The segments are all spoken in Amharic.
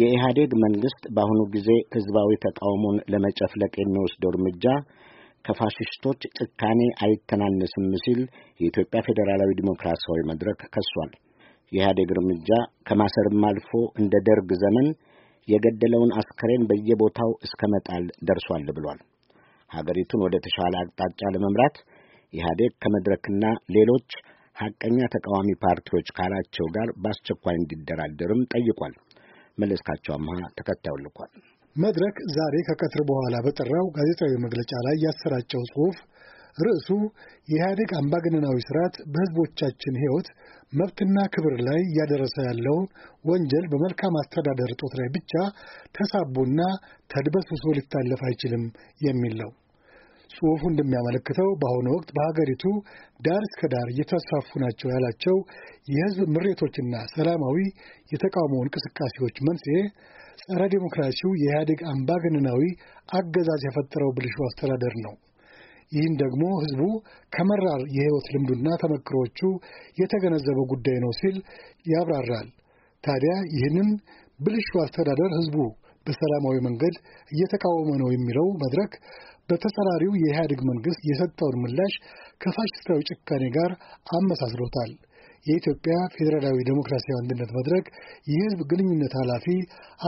የኢህአዴግ መንግሥት በአሁኑ ጊዜ ሕዝባዊ ተቃውሞን ለመጨፍለቅ የሚወስደው እርምጃ ከፋሽስቶች ጭካኔ አይተናነስም ሲል የኢትዮጵያ ፌዴራላዊ ዲሞክራሲያዊ መድረክ ከሷል። የኢህአዴግ እርምጃ ከማሰርም አልፎ እንደ ደርግ ዘመን የገደለውን አስከሬን በየቦታው እስከ መጣል ደርሷል ብሏል። ሀገሪቱን ወደ ተሻለ አቅጣጫ ለመምራት ኢህአዴግ ከመድረክና ሌሎች ሐቀኛ ተቃዋሚ ፓርቲዎች ካላቸው ጋር በአስቸኳይ እንዲደራደርም ጠይቋል። መለስካቸው አምሃ ተከታዩን ልኳል። መድረክ ዛሬ ከቀትር በኋላ በጠራው ጋዜጣዊ መግለጫ ላይ ያሰራጨው ጽሑፍ ርዕሱ የኢህአዴግ አምባገነናዊ ስርዓት በህዝቦቻችን ህይወት መብትና ክብር ላይ እያደረሰ ያለውን ወንጀል በመልካም አስተዳደር እጦት ላይ ብቻ ተሳቦና ተድበስብሶ ሊታለፍ አይችልም የሚል ነው። ጽሑፉ እንደሚያመለክተው በአሁኑ ወቅት በሀገሪቱ ዳር እስከ ዳር እየተስፋፉ ናቸው ያላቸው የህዝብ ምሬቶችና ሰላማዊ የተቃውሞ እንቅስቃሴዎች መንስኤ ጸረ ዴሞክራሲው የኢህአዴግ አምባገነናዊ አገዛዝ የፈጠረው ብልሹ አስተዳደር ነው። ይህን ደግሞ ህዝቡ ከመራር የህይወት ልምዱና ተመክሮቹ የተገነዘበው ጉዳይ ነው ሲል ያብራራል። ታዲያ ይህንን ብልሹ አስተዳደር ህዝቡ በሰላማዊ መንገድ እየተቃወመ ነው የሚለው መድረክ በተሰራሪው የኢህአዴግ መንግስት የሰጠውን ምላሽ ከፋሽስታዊ ጭካኔ ጋር አመሳስሎታል። የኢትዮጵያ ፌዴራላዊ ዴሞክራሲያዊ አንድነት መድረክ የህዝብ ግንኙነት ኃላፊ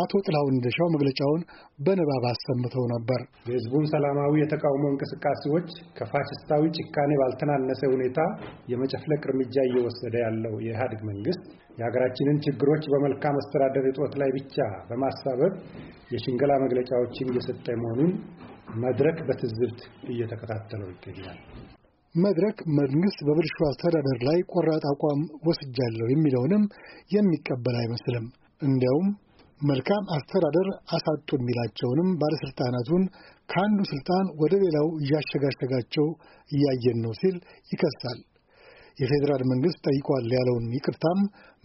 አቶ ጥላሁን እንደሻው መግለጫውን በንባብ አሰምተው ነበር። የህዝቡን ሰላማዊ የተቃውሞ እንቅስቃሴዎች ከፋሽስታዊ ጭካኔ ባልተናነሰ ሁኔታ የመጨፍለቅ እርምጃ እየወሰደ ያለው የኢህአዴግ መንግስት የሀገራችንን ችግሮች በመልካም አስተዳደር እጦት ላይ ብቻ በማሳበብ የሽንገላ መግለጫዎችን እየሰጠ መሆኑን መድረክ በትዝብት እየተከታተለው ይገኛል። መድረክ መንግስት በብልሹ አስተዳደር ላይ ቆራጥ አቋም ወስጃለሁ የሚለውንም የሚቀበል አይመስልም። እንዲያውም መልካም አስተዳደር አሳጡ የሚላቸውንም ባለሥልጣናቱን ከአንዱ ስልጣን ወደ ሌላው እያሸጋሸጋቸው እያየን ነው ሲል ይከሳል። የፌዴራል መንግሥት ጠይቋል ያለውን ይቅርታም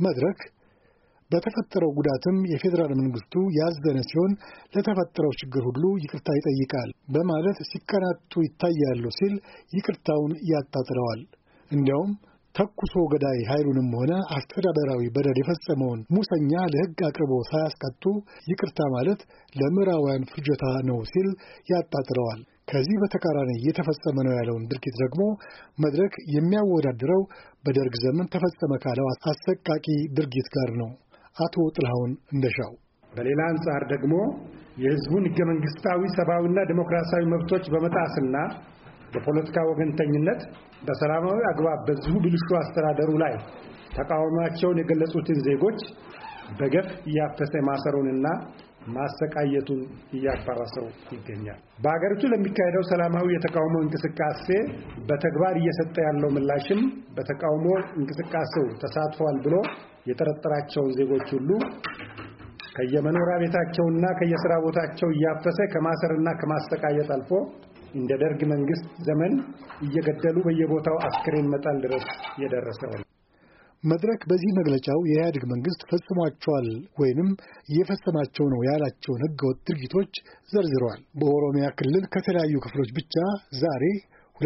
መድረክ በተፈጠረው ጉዳትም የፌዴራል መንግስቱ ያዘነ ሲሆን ለተፈጠረው ችግር ሁሉ ይቅርታ ይጠይቃል በማለት ሲቀናጡ ይታያሉ ሲል ይቅርታውን ያጣጥለዋል። እንዲያውም ተኩሶ ገዳይ ኃይሉንም ሆነ አስተዳደራዊ በደል የፈጸመውን ሙሰኛ ለሕግ አቅርቦ ሳያስቀጡ ይቅርታ ማለት ለምዕራባውያን ፍጆታ ነው ሲል ያጣጥለዋል። ከዚህ በተቃራኒ እየተፈጸመ ነው ያለውን ድርጊት ደግሞ መድረክ የሚያወዳድረው በደርግ ዘመን ተፈጸመ ካለው አሰቃቂ ድርጊት ጋር ነው። አቶ ጥላሁን እንደሻው። በሌላ አንጻር ደግሞ የህዝቡን ህገ መንግስታዊ ሰብአዊና ዲሞክራሲያዊ መብቶች በመጣስና በፖለቲካ ወገንተኝነት በሰላማዊ አግባብ በዚሁ ብልሹ አስተዳደሩ ላይ ተቃውሟቸውን የገለጹትን ዜጎች በገፍ እያፈሰ ማሰሩንና ማሰቃየቱን እያባባሰው ይገኛል። በሀገሪቱ ለሚካሄደው ሰላማዊ የተቃውሞ እንቅስቃሴ በተግባር እየሰጠ ያለው ምላሽም በተቃውሞ እንቅስቃሴው ተሳትፏል ብሎ የጠረጠራቸውን ዜጎች ሁሉ ከየመኖሪያ ቤታቸውና ከየስራ ቦታቸው እያፈሰ ከማሰርና ከማሰቃየት አልፎ እንደ ደርግ መንግስት ዘመን እየገደሉ በየቦታው አስክሬን መጣል ድረስ የደረሰው መድረክ በዚህ መግለጫው የኢህአዴግ መንግስት ፈጽሟቸዋል ወይንም እየፈጸማቸው ነው ያላቸውን ህገወጥ ድርጊቶች ዘርዝረዋል። በኦሮሚያ ክልል ከተለያዩ ክፍሎች ብቻ ዛሬ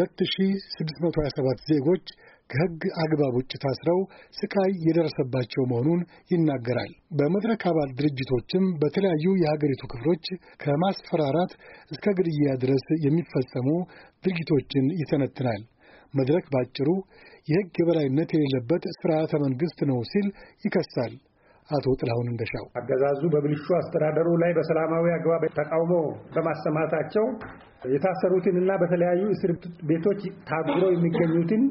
2627 ዜጎች ከህግ አግባብ ውጭ ታስረው ስቃይ የደረሰባቸው መሆኑን ይናገራል። በመድረክ አባል ድርጅቶችም በተለያዩ የሀገሪቱ ክፍሎች ከማስፈራራት እስከ ግድያ ድረስ የሚፈጸሙ ድርጊቶችን ይተነትናል። መድረክ ባጭሩ የህግ የበላይነት የሌለበት ስርዓተ መንግስት ነው ሲል ይከሳል። አቶ ጥላሁን እንደሻው አገዛዙ በብልሹ አስተዳደሩ ላይ በሰላማዊ አግባብ ተቃውሞ በማሰማታቸው የታሰሩትን እና በተለያዩ እስር ቤቶች ታጉረው የሚገኙትን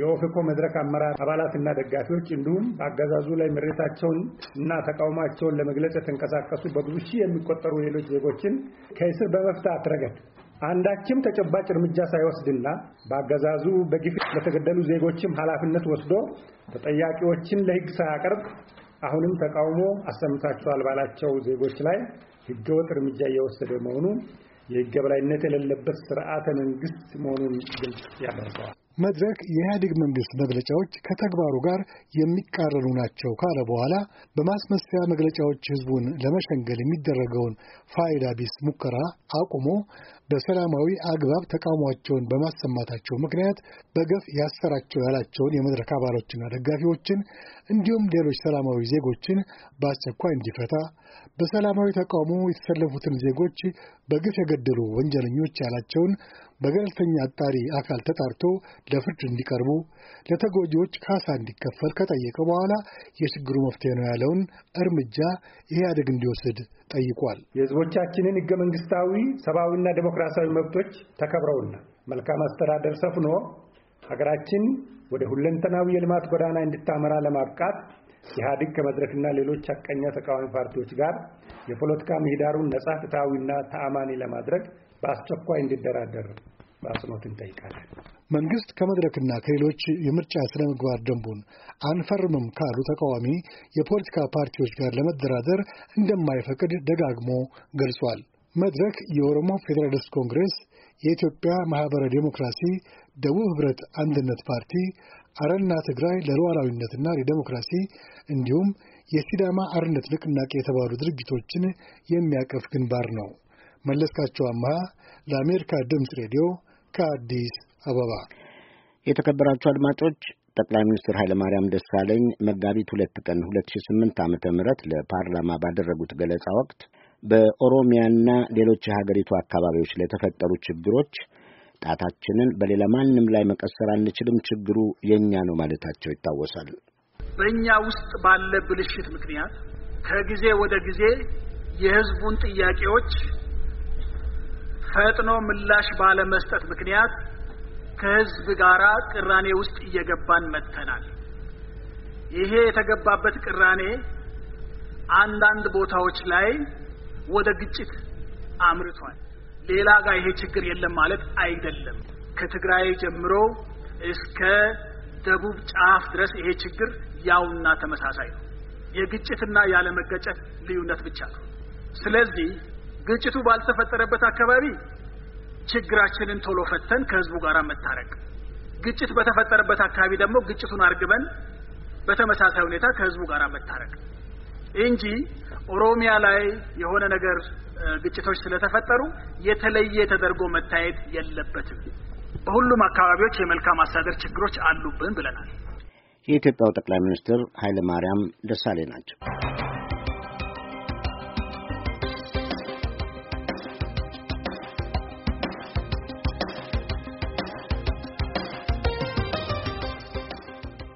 የኦፌኮ መድረክ አመራር አባላትና ደጋፊዎች እንዲሁም በአገዛዙ ላይ ምሬታቸውን እና ተቃውሟቸውን ለመግለጽ የተንቀሳቀሱ በብዙ ሺህ የሚቆጠሩ ሌሎች ዜጎችን ከእስር በመፍታት ረገድ አንዳችም ተጨባጭ እርምጃ ሳይወስድና በአገዛዙ በግፍ ለተገደሉ ዜጎችም ኃላፊነት ወስዶ ተጠያቂዎችን ለሕግ ሳያቀርብ አሁንም ተቃውሞ አሰምታችኋል ባላቸው ዜጎች ላይ ሕገወጥ እርምጃ እየወሰደ መሆኑ የሕግ የበላይነት የሌለበት ስርዓተ መንግስት መሆኑን ግልጽ ያደርገዋል። መድረክ የኢህአዴግ መንግስት መግለጫዎች ከተግባሩ ጋር የሚቃረኑ ናቸው ካለ በኋላ በማስመሰያ መግለጫዎች ህዝቡን ለመሸንገል የሚደረገውን ፋይዳ ቢስ ሙከራ አቁሞ በሰላማዊ አግባብ ተቃውሟቸውን በማሰማታቸው ምክንያት በገፍ ያሰራቸው ያላቸውን የመድረክ አባሎችና ደጋፊዎችን እንዲሁም ሌሎች ሰላማዊ ዜጎችን በአስቸኳይ እንዲፈታ፣ በሰላማዊ ተቃውሞ የተሰለፉትን ዜጎች በግፍ የገደሉ ወንጀለኞች ያላቸውን በገለልተኛ አጣሪ አካል ተጣርቶ ለፍርድ እንዲቀርቡ፣ ለተጎጂዎች ካሳ እንዲከፈል ከጠየቀ በኋላ የችግሩ መፍትሄ ነው ያለውን እርምጃ ኢህአዴግ እንዲወስድ ጠይቋል። የህዝቦቻችንን ህገ መንግስታዊ ሰብአዊና ዴሞክራሲያዊ መብቶች ተከብረውና መልካም አስተዳደር ሰፍኖ ሀገራችን ወደ ሁለንተናዊ የልማት ጎዳና እንድታመራ ለማብቃት ኢህአዲግ ከመድረክና ሌሎች አቀኛ ተቃዋሚ ፓርቲዎች ጋር የፖለቲካ ምህዳሩን ነጻ፣ ፍትሐዊና ተአማኒ ለማድረግ በአስቸኳይ እንዲደራደር በአጽንኦት እንጠይቃለን። መንግስት ከመድረክና ከሌሎች የምርጫ ስነ ምግባር ደንቡን አንፈርምም ካሉ ተቃዋሚ የፖለቲካ ፓርቲዎች ጋር ለመደራደር እንደማይፈቅድ ደጋግሞ ገልጿል። መድረክ፣ የኦሮሞ ፌዴራሊስት ኮንግሬስ፣ የኢትዮጵያ ማኅበረ ዴሞክራሲ፣ ደቡብ ህብረት አንድነት ፓርቲ፣ አረና ትግራይ ለሉዓላዊነትና ለዴሞክራሲ እንዲሁም የሲዳማ አርነት ንቅናቄ የተባሉ ድርጅቶችን የሚያቀፍ ግንባር ነው። መለስካቸው አምሃ ለአሜሪካ ድምፅ ሬዲዮ ከአዲስ አበባ። የተከበራችሁ አድማጮች ጠቅላይ ሚኒስትር ኃይለማርያም ደሳለኝ መጋቢት ሁለት ቀን ሁለት ሺ ስምንት ዓመተ ምህረት ለፓርላማ ባደረጉት ገለጻ ወቅት በኦሮሚያና ሌሎች የሀገሪቱ አካባቢዎች ለተፈጠሩ ችግሮች ጣታችንን በሌላ ማንም ላይ መቀሰር አንችልም፣ ችግሩ የእኛ ነው ማለታቸው ይታወሳል። በእኛ ውስጥ ባለ ብልሽት ምክንያት ከጊዜ ወደ ጊዜ የሕዝቡን ጥያቄዎች ፈጥኖ ምላሽ ባለመስጠት ምክንያት ከህዝብ ጋር ቅራኔ ውስጥ እየገባን መጥተናል። ይሄ የተገባበት ቅራኔ አንዳንድ ቦታዎች ላይ ወደ ግጭት አምርቷል። ሌላ ጋር ይሄ ችግር የለም ማለት አይደለም። ከትግራይ ጀምሮ እስከ ደቡብ ጫፍ ድረስ ይሄ ችግር ያውና ተመሳሳይ ነው። የግጭትና ያለመገጨት ልዩነት ብቻ ነው። ስለዚህ ግጭቱ ባልተፈጠረበት አካባቢ ችግራችንን ቶሎ ፈተን ከህዝቡ ጋር መታረቅ፣ ግጭት በተፈጠረበት አካባቢ ደግሞ ግጭቱን አርግበን በተመሳሳይ ሁኔታ ከህዝቡ ጋር መታረቅ እንጂ ኦሮሚያ ላይ የሆነ ነገር ግጭቶች ስለተፈጠሩ የተለየ ተደርጎ መታየት የለበትም። በሁሉም አካባቢዎች የመልካም አስተዳደር ችግሮች አሉብን ብለናል። የኢትዮጵያው ጠቅላይ ሚኒስትር ኃይለ ማርያም ደሳሌ ናቸው።